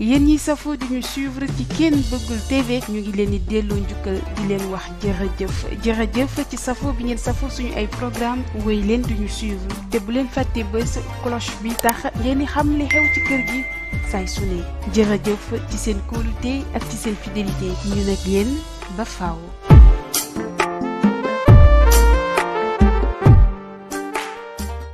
yéen yi safo di ñu suivre ci Ken Bëggul TV ñu ngi leen di delloo njukkal di leen wax jërëjëf jërëjëf ci safoo bi ngeen safo suñu ay programme wéy leen di ñu suivre te bu leen fàtte bés cloche bi tax ngeen di xam li xew ci kër gi saay su ne jërëjëf ci seen kóolute ak ci seen fidélité ñu nag yéen ba faaw.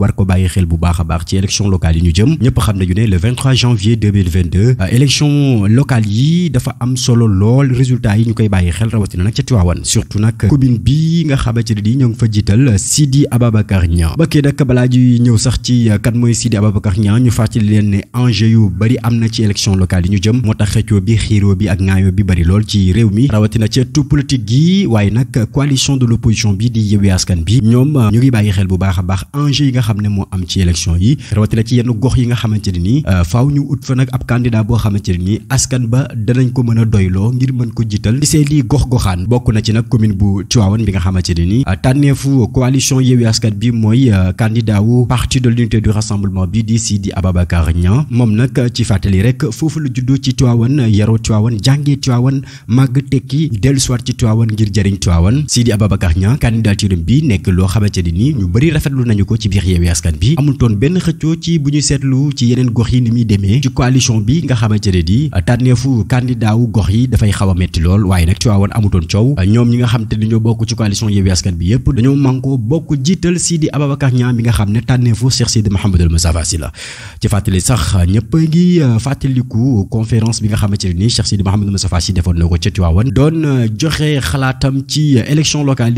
war ko bàyyi xel bu baax baax ci élection locale yi ñu jëm ñëpp xam nañu ne le 23 janvier 2022 euh, élection locale yi dafa am solo lool résultat yi ñu koy bàyyi xel rawatina nak ci Tivaouane surtout nag commune bi nga xamante ne nii ñoo fa jiital Sidi ababakar Niang ba nak nag balaa ñëw sax ci euh, kan moy Sidi ababakar Niang ñu fàttali leen né enjeu yu bari am na ci élection locale yi ñu jëm moo tax bi xiro bi ak ngaayo bi bari lool ci réew mi rawatina ci tout politique gi waye nak coalition de l'opposition bi di Yewwi Askan bi ñom euh, ñu ngi bàyyi xel bu baax baax enjeu yi nga xamne mo am ci election yi rawatina ci yenn gox yi nga xamanteni ni euh, faaw ñu ut fa nak ab candidat bo xamanteni ni askan ba danañ ko mëna doylo ngir mën ko jital ci sey li gox goxaan bokku na ci nak commune bu Tivaouane bi nga xamanteni ni euh, tanefu coalition yewi askan bi moy euh, candidat wu parti de l'unité du rassemblement bi di Sidi Ababakar ñan mom nak ci fatali rek fofu lu juddu ci Tivaouane yaro Tivaouane jangé Tivaouane mag tekki del soir ci Tivaouane ngir jariñ Tivaouane Sidi Ababakar ci rum bi nek lo xamanteni ni ñu bari rafetlu nañu ko ci biir yeewi askan bi amul toon benn xëccoo ci bu ñu seetlu ci yeneen gox yi ni muy demee ci coalition bi nga xamante ne di tànneefu candidat gox yi dafay xaw a metti lool waaye nag Tivaouane amutoon coow ñoom ñi nga xam te ni bokk ci coalition yeewi askan bi yëpp dañoo mànkoo bokk jiital Sidi Ababacar Niang bi nga xam ne tànneefu Cheikh Sidi Mouhamadoul Moustapha Sy la ci fàttali sax ñëpp ngi euh, fàttaliku conférence bi nga xamante ne ni Cheikh euh, ci euh, élection locale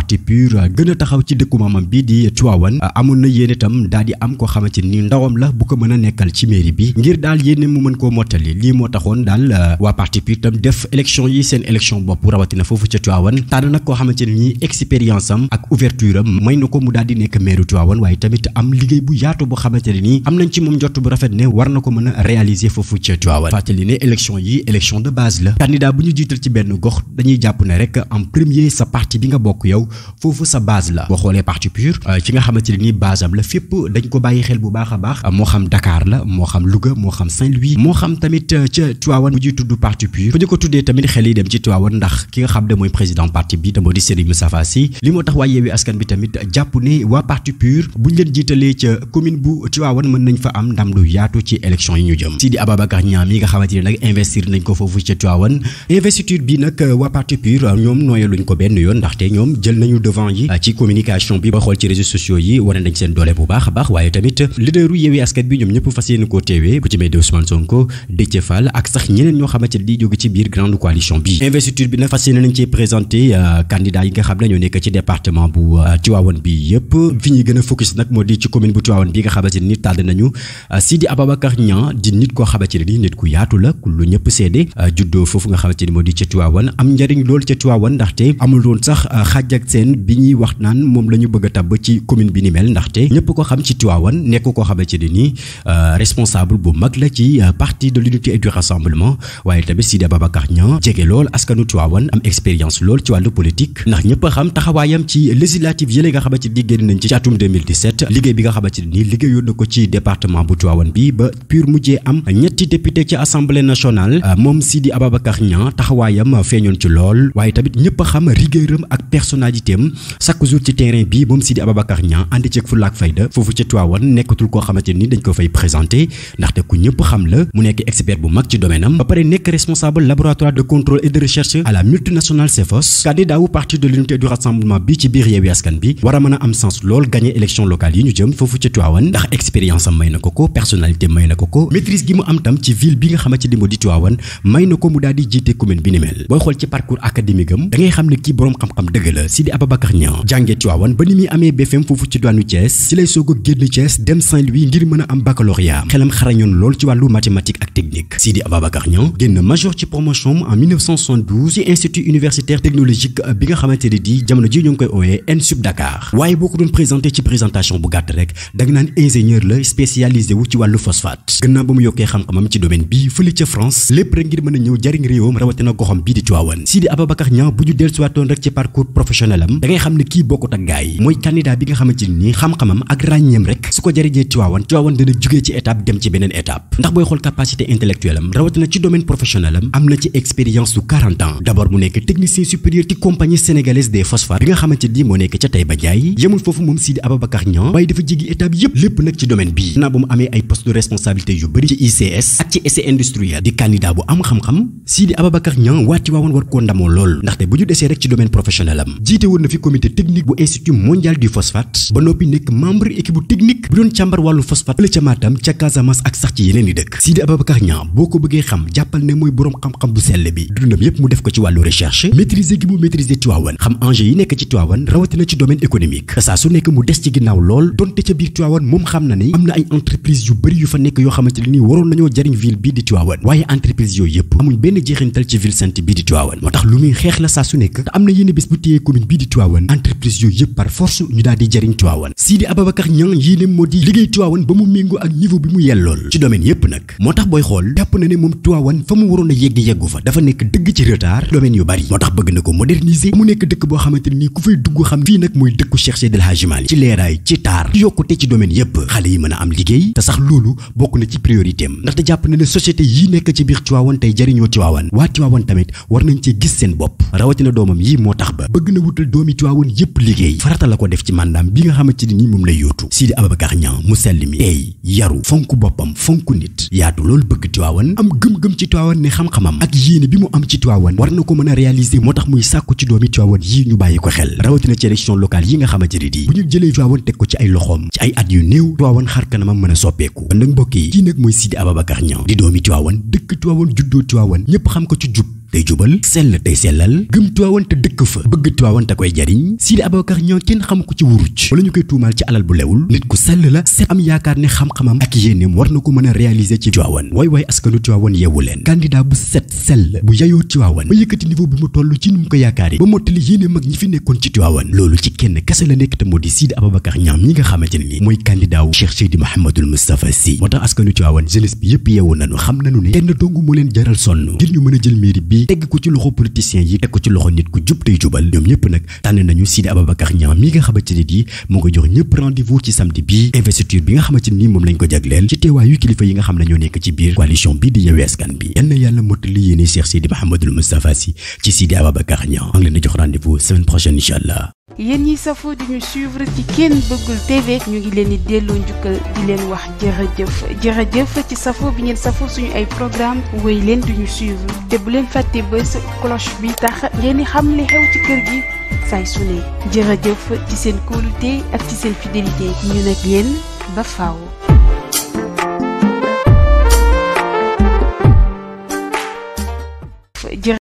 parti pur gën a taxaw ci dëkku maamam bii di Tivaouane amoon na yéen tam daal di am koo xamante ni ndawam la bu ko mën a nekkal ci mairie bi ngir daal yéene mu mën koo mottali lii moo taxoon daal euh, waa parti pur itam def élection yi seen élection bopp rawatina foofu ca Tivaouane tànn nag koo xamante ne nii expérience am ak ouverture am na ko mu daal di nekk maire Tivaouane waaye tamit am liggéey bu yaatu boo ne nii am nañ ci moom njott bu rafet ne war na ko mën réaliser foofu ca Tivaouane fàttali ne élection yi élection de base la candidat bu ñu jiital ci benn gox dañuy jàpp ne rek en premier sa parti bi nga bokk yow foofu sa base la boo parti pur ci euh, nga xamanteni ne base am la fépp dañ ko bàyyi xel bu baakha baax euh, xam Dakar la mo xam Louga mo xam Saint-Louis mo xam tamit euh, ci Tivaouane bu ñuy parti pur bu ñu ko tuddee tamit xel yi dem ci Tivaouane ndax ki nga xam de moy président parti bi te moo di Serigne Moustapha Sy li mo tax waa Yewwi Askan bi tamit japp ne wa parti pur buñ leen jiitalee ci commune bu Tivaouane mën nañ fa am ndam lu yaatu ci élection yi ñu jëm Sidi ababakar Niang yi nga xamanteni investir nañ ko foofu ci Tivaouane investiture bi nak wa parti pur ñoom nooyaluñ ko benn yoon ndaxte ñom jël nañu devant yi ci communication bi ba xol ci réseaux sociaux yi wane nañ seen doole bu baax baax waaye tamit leaderu yewi Askan bi ñoom ñëpp fas yéene koo teewee ku ci mel ne Ousmane Sonko Déthié Fall ak sax ñeneen ñoo xamante ne di jóge ci biir grande coalition bi investiture bi na fas yéene nañ cee présenté euh, candidat yi nga xam ne ñoo nekk ci département bu euh, Tivaouane bi yëpp fi ñuy gën a focus nag moo di ci commune bu Tivaouane bi nga xamante ne ni tàdd nañu euh, Sidi Ababacar Niang di nit koo xamante ne nit ku yaatu la ku lu ñëpp seede juddoo foofu nga xamante ne moo di ca Tivaouane am njëriñ lool ci Tivaouane ndaxte amul woon sax xaaj ak Sène bi ñuy wax naan moom la ñu bëgg a tabb ci commune bi ni mel ndaxte ñëpp ko xam ci Tivaouane nekk koo xamante ne nii euh, responsable bu mag la ci euh, parti de l'unité et du rassemblement waaye tamit Sidi Ababacar Niang jege lool askanu Tivaouane am expérience lool ci wàllu politique ndax ñëpp a xam taxawaayam ci législative yële nga xamante ci atum 2017 liggéey bi nga xamante ne nii liggéeyoon na ko ci département bu Tivaouane bi ba pur mujjee am ñetti député ci assemblée nationale euh, lool personnalitéem chaque jour ci terrain bi moom Sidi Ababacar Niang ànd ceeg fu ak fayda fofu ci Tivaouane nekkatul ko xamanteni dañ ko fay présenté te ku ñepp xam la mu nekk expert bu mag ci domaine am ba nekk responsable laboratoire de contrôle et de recherche à la multinationale cefos candidat wu parti de l'unité du rassemblement bi ci bir Yewwi Askan bi wara mëna am sens lool gagner élection locale yi ñu jëm fofu ci Tivaouane ndax expérience am may ko ko personnalité may ko ko maîtrise gi mu am tam ci ville bi nga xamante di Tivaouane may na ko mu daal di jité commune bi ni mel boy xol ci parcours académique gam da ngay xam ne ki borom xam-xam deug la Sidi Ababakar Ababacar jangé jànge Tiwaawan ba BFM fofu ci douanu Thiès ci lay sogo Thiès dem Saint-Louis ngir mëna am baccalauréat xélam xarañoon lool ci walu mathématique ak technique Sidi Ababakar Niang major ci promotion en 1972 ci institut universitaire technologique bi nga xamanteni di jamono ji ñu ngi koy Dakar waye boo doon présenté ci présentation bu gatt rek dag nga ingénieur la spécialisé wu ci phosphate bu mu yoké xam ci domaine bi fële France lépp rek ngir mën ñëw jariñ réewam rawatina goxam bi di Sidi Ababakar Niang bu ñu rek ci parcours professionnel alalam xam ne kii bokkut ak gaay mooy candidat bi nga xamante ni xam-xamam ak ràññeem rek su ko jëriñee Tiwaawan Tiwaawan dana jugee ci étape dem ci beneen étape ndax booy xool capacité intellectuelle am rawatina ci domaine professionnel am na ci expérience su 40 ans d'abord nekk technicien supérieur ci compagnie sénégalaise des phosphates bi nga xamante ni moo nekk ca Taïba Ndiaye yemul foofu moom Sidi Ababacar Niang waaye dafa jigi étape yépp jiite woon na fi comité technique bu institut mondial du phosphate ba noppi nekk membre équipe bu technique bu doon càmbar wàllu phosphate fële ca Matam ca Casamance ak sax ci yeneen i dëkk Sidi Ababacar Niang boo ko bëggee xam jàppal ne mooy boroom xam-xam bu sell bi dundam yépp mu def ko ci wàllu recherche maîtriser gi mu maîtriser Tivaouane xam enjeu yi nekk ci Tivaouane rawatina ci domaine économique te saa su nekk mu des ci ginnaaw lool donte ca biir Tivaouane na am na ay yu bëri yu fa nekk yoo xamante ne ni waroon nañoo jariñ ville bii di Tivaouane waaye entreprise yooyu yëpp amuñ benn jeexintal ci ville sainte bii di tax lu muy la saa su nekk am na yenn bés bu téyee commune bii di Tivaouane entreprise yooyu yëpp par force ñu daal di jëriñ Tivaouane Sidi Ababacar Niang yéene moo di liggéey Tivaouane ba mu méngoo ak niveau bi mu yellool ci domaine yëpp nag moo tax booy xool jàpp na ne moom Tivaouane fa fa mu nekk dëkk boo xamante ni ku fay dugg xam fii nag mooy dëkku Cheikh Seydil Hadji Malick ci leeraay ci taar yokkute ci domaine yëpp xale yi mën a am liggéey te sax loolu bokk na ci priorité ndaxte jàpp na ne société yi nekk ci biir peuple doomi Tiwaawoon yépp liggéey farata la ko def ci mandaam bi nga xamante ni moom lay yóotu Sidi Ababacar mu sell mi tey yaru fonk boppam fonk nit yaatu loolu bëgg Tiwaawoon am gëm-gëm ci Tiwaawoon ne xam-xamam ak yéene bi mu am ci Tiwaawoon war na ko mën a réaliser moo tax muy sàkku ci doomi Tiwaawoon yii ñu bàyyi ko xel rawatina ci élection locale yi nga xamante ni di bu ñu jëlee Tiwaawoon teg ko ci ay loxoom ci ay at yu néew Tiwaawoon xar kanamam a soppeeku day jubal sell tey sellal gëm Tiwaawan dëkk fa bëgg Tiwaawan te koy jariñ Sidi Aboubacar ñoo kenn xam ko ci wuruj wala ñu koy tuumaal ci alal bu lewul nit ku sell la set am yaakaar ne xam-xamam ak yéeneem war na ko mën a réaliser ci Tiwaawan waay waay askanu Tiwaawan yeewu leen candidat bu set sell bu yayoo Tiwaawan ba yëkkati niveau bi mu toll ci nu mu ko yaakaar yi ba mottali yéene mag ñi fi nekkoon ci Tiwaawan loolu ci kenn kese la nekk te nga xamante ni mooy candidat wu Cheikh Seydi Mouhamadoul Moustapha Sy moo tax askanu Tiwaawan jeunesse bi yëpp yeewu nañu bi bi tegg ko ci loxo politiciens yi teg ko ci loxo nit ku jub tey jubal ñoom ñëpp nag tànn nañu Sidi Ababacar Niang mi nga xamante ne nii moo koy jox ñëpp rendez-vous ci samedi bi investiture bi nga xamante ni moom lañ ko jagleel ci teewaayu kilifa yi nga xam ne ñoo nekk ci biir coalition bi di Yewwi Askan Wi yal na yàlla mottali yéene Cheikh Sidi Mouhamadoul Moustapha Sy ci Sidi Ababacar Niang maa ngi jox rendez-vous semaine allah yéen ñi safo di ñu suivre ci Ken Bëggul TV ñu ngi leen di delloo njukkal di leen wax jërëjëf jëf ci safo bi ngeen safo suñu ay programme wéy leen di ñu suivre te bu leen fàtte bés cloche bi tax ngeen di xam li xew ci kër gi saay su ne jërëjëf ci seen kóolute ak ci seen fidélité ñu nag yéen ba faaw.